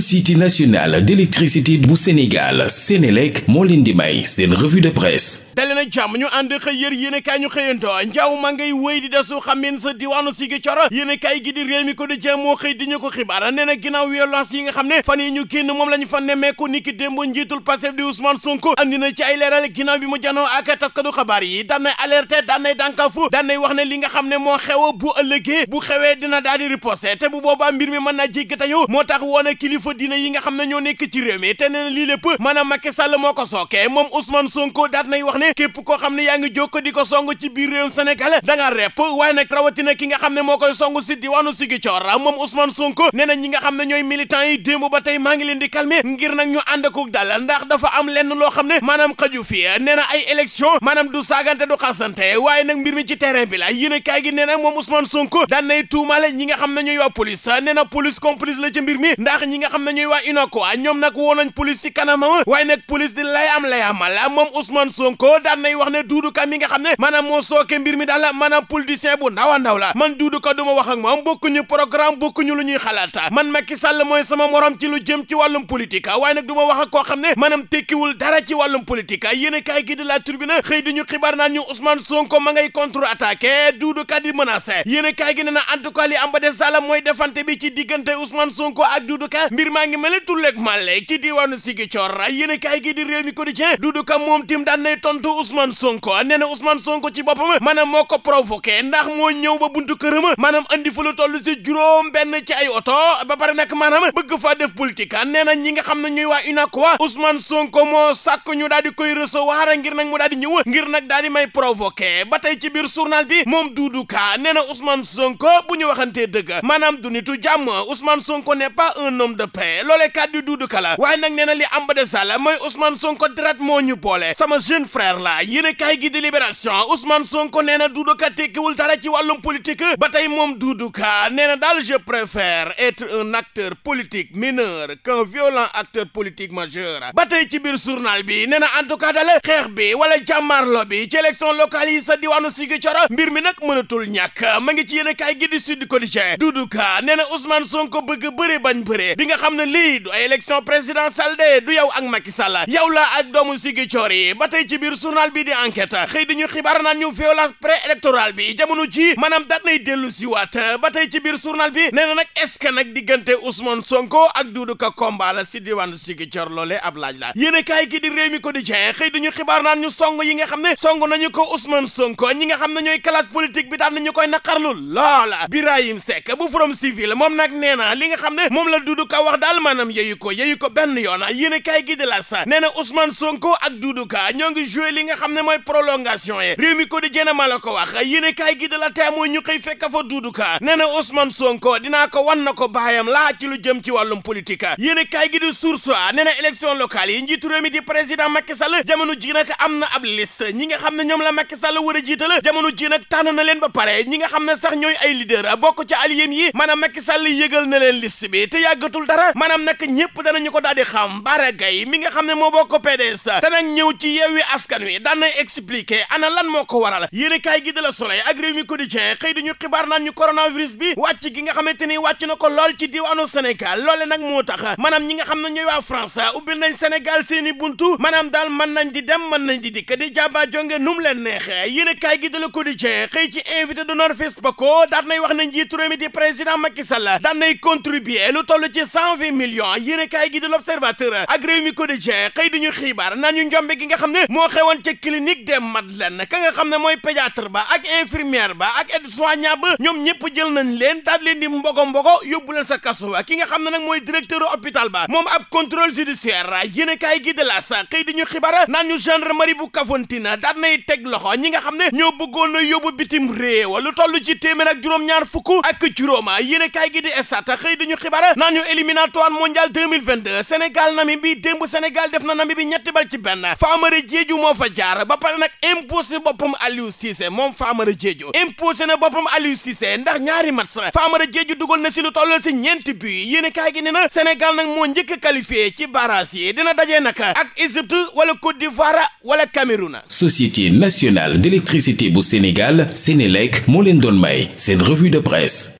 société nationale d'électricité bu Sénégal Sénélec moo leen di may seen revue de presse dali na jàmm ñu ànd xëy yër yéen ñu xëyantoo njaaw ma ngay wéy di desu xamin sa diwaanu sigi coro yéen gi di réew mi ko di moo xëy di ñu ko xibaar nee na ginnaaw violence yi nga xam ne fan yi ñu génn moom la fa nemmeeku niki démb njiitul Pastef di Ousmane Sonko andi na ci ay leeral ginnaaw bi mu janoo ak taskatu xabaar yi daan nay alerté li nga xam ne moo xew bu ëllëgee kilifa diine yi nga xam ne ñoo nekk ci réew mi te nee na lii lépp maanaam Macky Sall moo ko sookee moom Ousmane Sonko daat nay koo xam ne yaa ngi jokk ko song ci biir réewum Sénégal da nga repp ki nga xam ne moo koy song si diwaanu Ziguinchor moom Ousmane Sonko nee na ñi nga xam ne ñooy militant yi démb ba tey ngi leen di calmer ngir nag ñu ànd ko am lenn loo xam ne maanaam xaju fi nee na ay élection maanaam du saagante du waaye nag mbir mi ci terrain bi la yéen kaay gi nee moom Ousmane Sonko daan nay tuumale ñi nga ñooy waa police nee na police complice la ci mbir mi ndax ñi nga xam ne ñooy waa UNACOIS ah, ñoom nag woo nañ police ci kanama waaye nag police di lay am lay amal ah, moom Ousmane Sonko daan nay wax ne Doudou Ka mi nga xam ne maanaam moo sooke mbir mi daal maanaam politicien bu ndaw a ndaw la man Doudou Ka du ma wax ak moom bokkuñu programme bokkuñu lu ñuy xalaat ah. man Macky Sall mooy sama morom ci lu jëm ci wàllum politique waaye nag du ma wax ak koo xam ne maanaam tekkiwul dara ci wàllum politique yéen a kaay gi de la tribune xëy di ñu xibaar naan ñu Ousmane Sonko ma ngay contre attaqué Doudou Ka di menacé yéen a kaay gi ne na en tout am ba des sala mooy defante bi ci diggante Ousmane Sonko ak Doudou mbir maa ngi mel tulleeg màlle ci diiwaanu Ziguinchor yéen kaay gi di réew mi quotidien Doudou Ka moom tim daan nay tontu Ousmane Sonko Sonko ci boppam maanaam moo ko provoqué ndax moo ñëw ba buntu këram maanaam andi fa lu toll si benn ci ay oto ba pare nag maanaam bëgg faa def politique nee na ñi nga xam ne ñuy waa UNACOIS Ousmane Sonko moo sak ñu daal di koy recevoir ngir nag mu daal di ñëw ngir nag daal di may provoqué ba tey ci biir journal bi moom Doudou Ka nee na Ousmane Sonko bu ñu waxantee dëgg maanaam du nitu jàmm Ousmane Sonko n'est pas un homme de de paix loolee kàddu Doudou Kala waaye nag nee na li am ba de sàll mooy Ousmane Sonko deret moo ñu boole sama jeune frère la yéen a kaay gi délibération Sonko nee na Doudou Ka tekkiwul dara ci wàllum politique ba tey moom Doudou Ka nee na daal je préfère être un acteur politique mineur qu'un violent acteur politique majeur ba tey ci biir journal bi nee na en tout cas daal xeex bi wala jàmmaarlo bi ci élection locale yi sa diwaanu Ziguinchor mbir mi nag mënatul ñàkk ma ngi ci yéen a kaay gi di Sud Quotidien Doudou Ka nee na Ousmane Sonko bëgg nga xam ne lii du ay élection présidentielle du yow ak Macky Sall yow la ak doomu sigi coor yi ba tey ci biir journal bi di enquête xëy di ñu xibaar naan ñu violence préélectorale bi jamono ji maanaam dat nay dellu si waat ba tey ci biir journal bi nee na nag est-ce que nag diggante Ousmane Sonko ak Doudou Ka combat la si diwaanu sigi coor loolee ab laaj la yéen a kaay di réew mi quotidien xëy di ñu xibaar naan ñu song yi nga xam ne song nañu ko Ousmane Sonko ñi nga xam ne ñooy classe politique bi daan nañu koy naqarlu li nga xam ne moom la wax daal maanaam yeyu ko yeyu ko benn yoon yéen a kaay gi de la sa nee na Sonko ak Doudou ñoo ngi joué li nga xam ne mooy prolongation yi réew mi ko di jëne ma la ko wax yéen a kaay gi de la tey mooy ñu xëy fekk fa Doudou Ka nee na Ousmane Sonko dinaa ko wan na ko baayam laa ci lu jëm ci wàllum politique yéen a kaay gi di source nee na élection locale yi njiitu réew mi di président Macky Sall jamono ji nag am na ab liste ñi nga xam ne ñoom la Macky Sall war a jiital jamono ji nag tànn na leen ba pare ñi nga xam ne sax ñooy ay leader bokk ci alliés yi maanaam Macky Sall yëgal na leen liste bi yàggatul dara maanaam nag ñëpp danañu ko daal di xam Bara Gaye mi nga xam ne moo bokk PDS te nag ñëw ci Yewwi Askan Wi daan na ana lan moo ko waral yéen kaay gi de la Soleil ak réew mi quotidien xëy dañu xibaar naan ñu coronavirus bi wàcc gi nga xamante ni wàcc na ko lool ci diwaanu Sénégal loole nag moo tax ñi nga xam ne ñooy waa France ubbil nañ Sénégal seeni buntu maanaam daal mën nañ di dem mën nañ di di jàmba jonge nu mu leen neexee cent vingt millions yéene kaay gi di l'observateur ak réew mi quotidien xëy di xibaar naan ñu njombe gi nga xam ne moo mooy pédiatre ba ak infirmière ba ak aide ñoom ñëpp jël nañ leen daal leen di mbogo mbogo yóbbu leen sa kaso ki nga xam ne nag mooy directeur hôpital ba moom ab contrôle judiciaire a kaay gi de la sa xëy di ñu xibaar naan ñu gendarmerie bu Kafountine daal nay teg loxo ñi nga xam ne ñoo bëggoon a yóbbu bitim réew lu toll ci téeméer ak juróom éliminatoire mondial 2022 Sénégal Namibie démb Sénégal def na Namibie ñetti bal ci benn Famara Diédhiou moo fa jaar ba pare nag imposé boppam Aliou Cissé moom Famara Diédhiou imposé na boppam Aliou Cissé ndax ñaari match Famara jéeju dugal na si lu tollal si ñeenti but yéen kaay gi ne na Sénégal na moo njëkk qualifié ci barrage yi dina dajee nag ak Égypte wala Côte d'Ivoire wala Cameroun. Société nationale d'électricité bu Sénégal Sénélec moo leen doon may seen revue de presse.